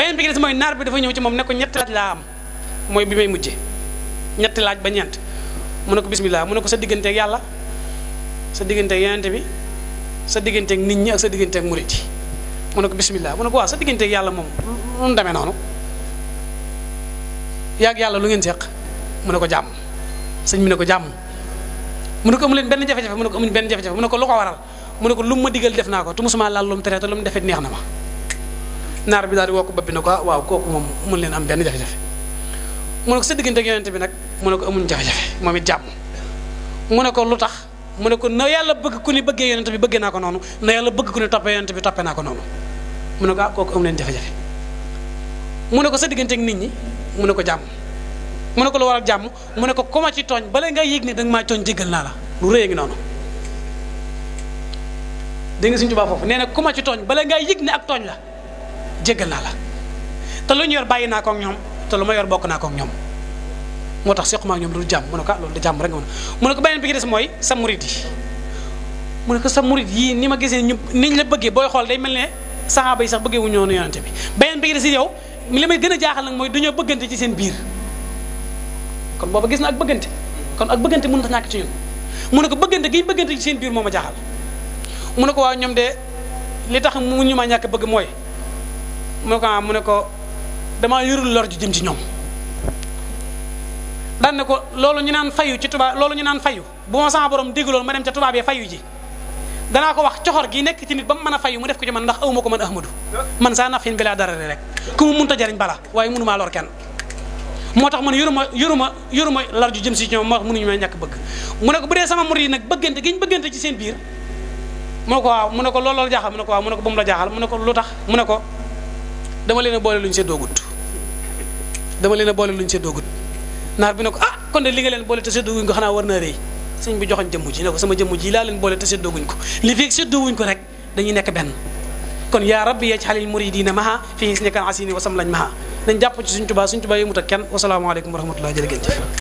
beneen bi ci des nar bi dafa ñew ci mom ne ko ñett laaj la am moy bi may mujjé ñett laaj ba ñent mu ne ko bismillah mu ne ko sa ak yalla sa ak yonente bi sa ak nit ñi ak sa digënté ak mouride mu ne ko bismillah mu ne ko wa sa ak yalla mom lu démé nonu noonu yaag lu ngeen seq mu ne ko jamm señ mi ne ko jamm mu ne ko amu leen benn jafé jafé mu ne ko amuñ benn jafé jafé mu ne ko lu ko waral mu ne ko lu ma digël def naa ko tu musuma laal lu mu tere lu mu defet neex na ma nar bi daal di woo ko bopp ko waaw kooku moom mun leen am benn jafe-jafe mu ne ko sa diggante yonent bi nag mu ne ko amuñ jafe-jafe moom it jàmm mu ne ko lu tax mu ne ko na yàlla bëgg ku ni bëggee yonent bi bëggee naa ko noonu na yàlla bëgg ku ni toppee yonent bi toppee naa ko noonu mu ne ko ah kooku amu leen jafe-jafe ko sa diggante nit ñi mu ko jàmm mu ko lu waral jàmm mu ko ku ci tooñ nga yëg maa tooñ jéggal naa la lu rëy ngi noonu dégg nga tubaab foofu nee ci tooñ bala ngay yëg ni ak tooñ la jégal na la te lu ñu yor bàyyi ko ak ñom te lu ma yor bokk na ko ak ñom motax tax ma ak ñoom du jam mu ne ko lolu ah, loolu da jàmm rek mu ne ko beneen bi ci dess moy sa mouride yi mu ne ko sa mouride yi ni ma gisee ñu niñ la bëggee boy xol day mel sahaba yi sax bëggee wu ñoo ñu yonante bi beneen bi ci des yow li may gën jaaxal nak moy duñu bëggante ci seen biir kon booba gis na ak bëggante kon ak bëggante mën na ñàkk ci ñun mu ne ko bëggante gi bëggante ci seen biir moma jaaxal mu ne ko waaw ñom de li tax mu ñuma ñak bëgg moy mu ko ah mu ne ko dama yuru lor ju jëm ci ñom dan ne ko lolu ñu naan fayu ci tuba lolu ñu naan fayu bu ma sama borom digaloon ma dem ci tuba yi ya fayu ji dana ko wax xor gi nek ci nit ba fayu mu def ko ci man ndax awuma man ahmadu man sa nafin bila dara rek ku mu munta jariñ bala waaye mënumaa lor ken motax tax man yuruma yuruma lar ju jëm ci ñoom wax bëgg mu ne ko bu sama murid nak bëggante giñ bëggante ci seen biir mu ne ko waaw mu ne ko loolu jaxal mu ne ko waaw mu ne ko bu la jaxal mu ne ko lutax mu ne ko dama leen a boole luñ see doogut dama leen boole luñ see doogut naar bi ne ko ah kon de li nga leen boole te séddooguñ ko xanaa war naa rëy sëñ bi joxoñ jëmm ji ne ko sama jëmm ji laa leen boole te séddooguñ ko li feeg séddoowuñ ko rek dañuy nekk benn kon yaa rabbi yajxalil muridina maha fi gis nekkan asini wasam lañ maha nañ jàpp ci suñ tubaa suñ tubaa yëmut ak kenn wasalaamaaleykum wa rahmatullah jërëgéen jëf